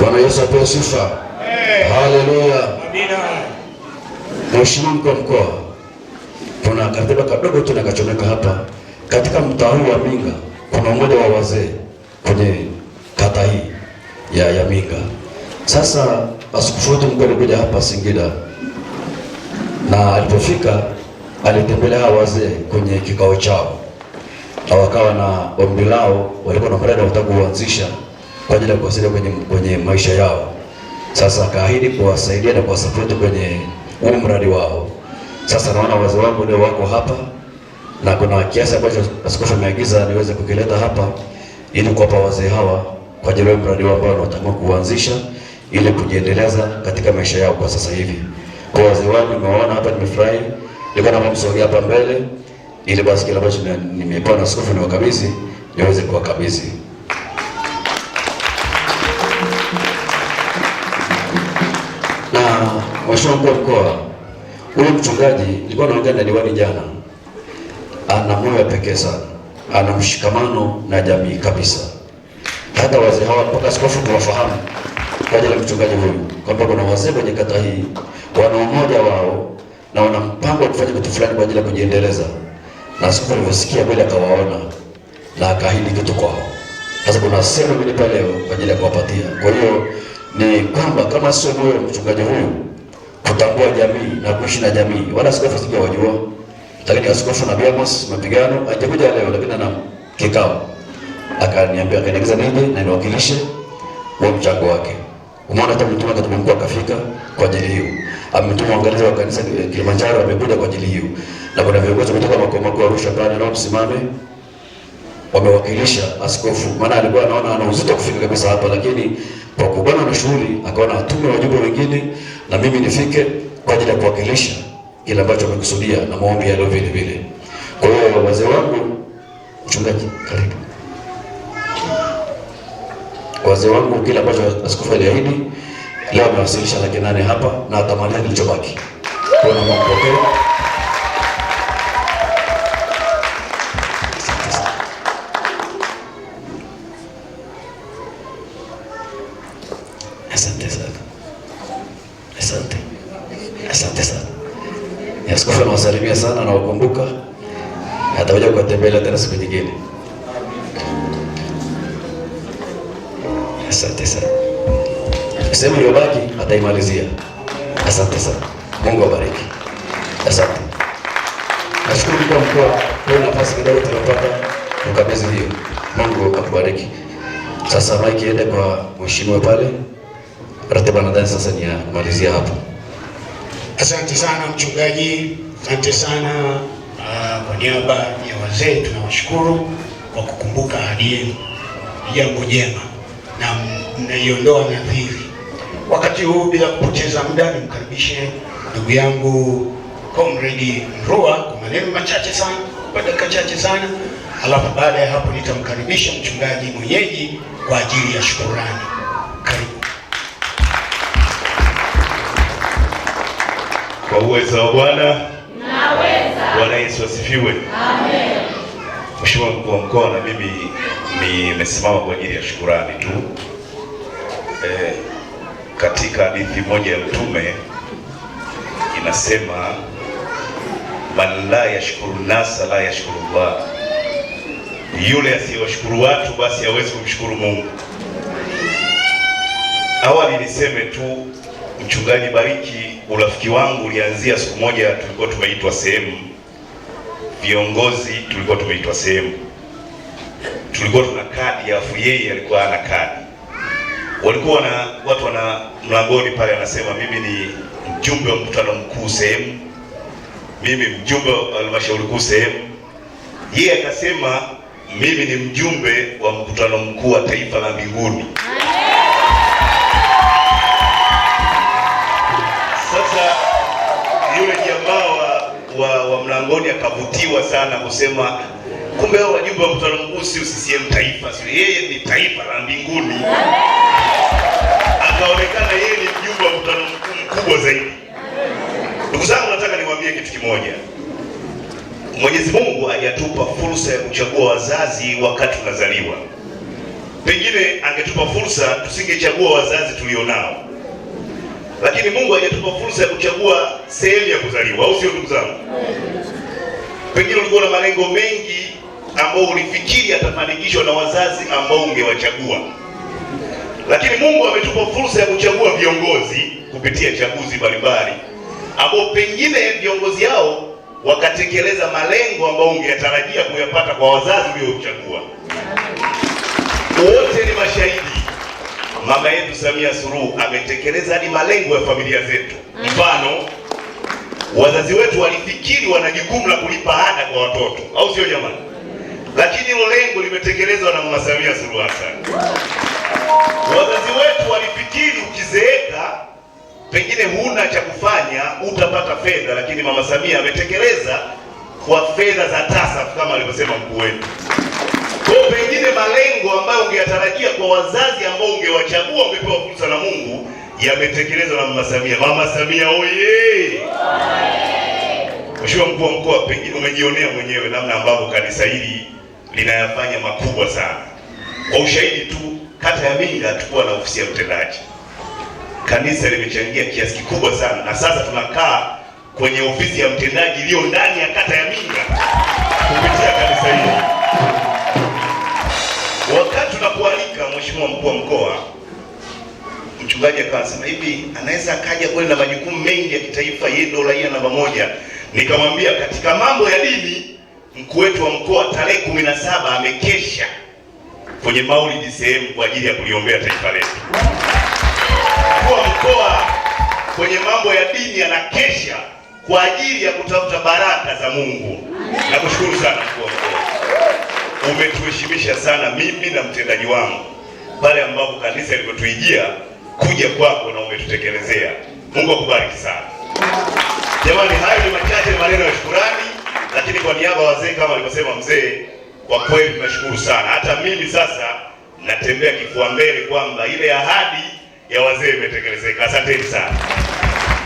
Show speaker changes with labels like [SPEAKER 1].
[SPEAKER 1] Bwana Yesu apewe sifa. Haleluya. Amina. Mheshimiwa mkuu wa mkoa, kuna katiba kadogo tu nakachomeka hapa katika mtaa huu wa Minga. Kuna umoja wa wazee kwenye kata hii ya, ya Minga. Sasa askofu wetu mkuu alikuja hapa Singida, na alipofika alitembelea wazee kwenye kikao chao, na wakawa na ombi lao, walikuwa na mradi kutaka kuanzisha kwa ajili ya kuwasaidia kwenye, kwenye maisha yao. Sasa akaahidi kuwasaidia na kuwasapoti kwenye huu mradi wao. Sasa naona wazee wangu leo wako hapa na kuna kiasi ambacho askofu ameagiza niweze kukileta hapa ili kuwapa wazee hawa kwa ajili ya mradi wao ambao wanatakiwa kuanzisha ili kujiendeleza katika maisha yao kwa sasa hivi. Kwa wazee wangu nimewaona hapa, nimefurahi. Nilikuwa naomba msogee hapa mbele ili basi kile ambacho nimepewa na askofu niwakabidhi niweze kuwakabidhi. Mheshimiwa mkuu wa mkoa, huyu mchungaji nilikuwa naongea na diwani jana, ana moyo pekee sana, ana mshikamano na jamii kabisa. Hata wazee hawa mpaka askofu tuwafahamu kwa ajili ya mchungaji huyu, kwamba kuna wazee kwenye kata hii wana umoja wao na wana mpango wa kufanya kitu fulani kwa ajili ya kujiendeleza, na askofu alivyosikia kweli akawaona na akaahidi kitu kwao. Sasa kuna sehemu imenipa leo kwa ajili ya kuwapatia. Kwa hiyo ni kwamba kama sio moyo mchungaji huyu kutambua jamii na kuishi na jamii. Wala askofu wajua, lakini askofu na Biamos mapigano hajakuja leo, lakini ana kikao, akaniambia akaniagiza nije na niwakilishe wa mchango wake. Umeona, hata mtume akatuma mkuu akafika kwa ajili hiyo, ametuma waangalizi wa kanisa eh, Kilimanjaro amekuja kwa ajili hiyo, na kuna viongozi kutoka makao makuu Arusha pale nao msimame wamewakilisha askofu, maana alikuwa anaona ana uzito kufika kabisa hapa, lakini kwa kubana na shughuli akaona atume wajumbe wengine na mimi nifike kwa ajili ya kuwakilisha kile ambacho amekusudia na maombi yaliyo vile vile. Kwa hiyo wazee wangu, mchungaji, karibu wazee wangu, kile ambacho askofu aliahidi leo amewasilisha laki nane hapa na atamania kilichobaki nampokea Asante sana. Asante, asante sana. Ni Askofu anawasalimia sana, anawakumbuka, atakuja kuwatembelea tena siku nyingine. Asante sana. Sehemu iliyobaki ataimalizia. Asante sana. Mungu awabariki. Asante. Nashukuru kwa mkoa kwa nafasi kidogo tunapata ukabidhi hiyo. Mungu akubariki. Sasa maiki ende kwa mheshimiwa pale ratiba. Nadhani sasa ni malizia hapo.
[SPEAKER 2] Asante sana mchungaji, asante sana uh, kwa niaba ya wazee tunawashukuru kwa kukumbuka hadi yenu, jambo jema na mnaiondoa nadhiri. Wakati huu bila kupoteza muda, nimkaribishe ndugu yangu Comrade Mrua kwa maneno machache sana, kwa dakika chache sana, alafu baada ya hapo nitamkaribisha mchungaji mwenyeji kwa ajili ya shukurani.
[SPEAKER 1] Kwa uwezo wa Bwana
[SPEAKER 3] naweza.
[SPEAKER 1] Bwana Yesu asifiwe. Amen. Mheshimiwa mkuu wa mkoa, na mimi nimesimama kwa ajili ya shukurani tu. E, katika hadithi moja ya Mtume inasema man la yashkuru nasa la yashkuru Allah, yule asiyewashukuru watu basi hawezi kumshukuru Mungu. Awali niseme tu, mchungaji Bariki urafiki wangu ulianzia siku moja, tulikuwa tumeitwa sehemu, viongozi tulikuwa tumeitwa sehemu, tulikuwa tuna kadi, alafu yeye alikuwa ana kadi. Walikuwa na watu wana mlangoni pale, anasema mimi ni mjumbe wa mkutano mkuu sehemu, mimi mjumbe wa halmashauri kuu sehemu. Yeye akasema mimi ni mjumbe wa mkutano mkuu wa taifa la mbinguni. yule jamaa wa, wa, wa mlangoni akavutiwa sana kusema kumbe hao wajumbe wa mkutano mkuu CCM taifa, sio yeye ni taifa la mbinguni. Akaonekana yeye ni mjumbe wa mkutano mkuu mkubwa zaidi. Ndugu zangu, nataka niwaambie kitu kimoja. Mwenyezi Mungu hajatupa fursa ya kuchagua wazazi wakati tunazaliwa. Pengine angetupa fursa tusingechagua wazazi tulionao lakini Mungu hajatupa fursa ya kuchagua sehemu ya kuzaliwa, au sio ndugu zangu? Pengine ulikuwa na malengo mengi ambao ulifikiri atafanikishwa na wazazi ambao ungewachagua, lakini Mungu ametupa fursa ya kuchagua viongozi kupitia chaguzi mbalimbali, ambao pengine viongozi hao wakatekeleza malengo ambayo ungeyatarajia kuyapata kwa wazazi uliochagua. Wote ni mashahidi mama yetu Samia Suluhu ametekeleza hadi malengo ya familia zetu. Mm. Mfano, wazazi wetu walifikiri wana jukumu la kulipa ada kwa watoto, au sio jamani? Lakini hilo lengo limetekelezwa na mama Samia Suluhu Hassan. Wazazi wetu walifikiri ukizeeka pengine huna cha kufanya, utapata fedha, lakini mama Samia ametekeleza kwa fedha za TASAF kama alivyosema mkuu wetu ungeyatarajia kwa wazazi ambao ungewachagua ungepewa fursa na Mungu, yametekelezwa na Mama Samia. Mama Samia oye! Mheshimiwa mkuu wa mkoa, pengine umejionea mwenyewe namna ambavyo kanisa hili linayafanya makubwa sana. Kwa ushahidi tu, kata ya Minga hatukuwa na ofisi ya mtendaji, kanisa limechangia kiasi kikubwa sana, na sasa tunakaa kwenye ofisi ya mtendaji iliyo ndani ya kata ya Mbinga. Mheshimiwa mkuu wa mkoa, mchungaji akawa anasema hivi, anaweza akaja kweli na majukumu mengi ya kitaifa, yeye ndio raia namba moja. Nikamwambia katika mambo ya dini, mkuu wetu wa mkoa tarehe kumi na saba amekesha kwenye maulidi sehemu kwa ajili ya kuliombea taifa letu. Mkuu wa mkoa kwenye mambo ya dini anakesha kwa ajili ya kutafuta baraka za Mungu. Nakushukuru sana mkuu wa mkoa, umetuheshimisha sana mimi na mtendaji wangu pale ambapo kanisa ilipotuijia kuja kwako na umetutekelezea. Mungu akubariki sana. Jamani, hayo ni machache maneno ya shukurani, lakini kwa niaba wazee, kama alivyosema mzee, kwa kweli tunashukuru sana. Hata mimi sasa natembea kifua mbele kwamba ile ahadi ya wazee imetekelezeka. Asanteni sana.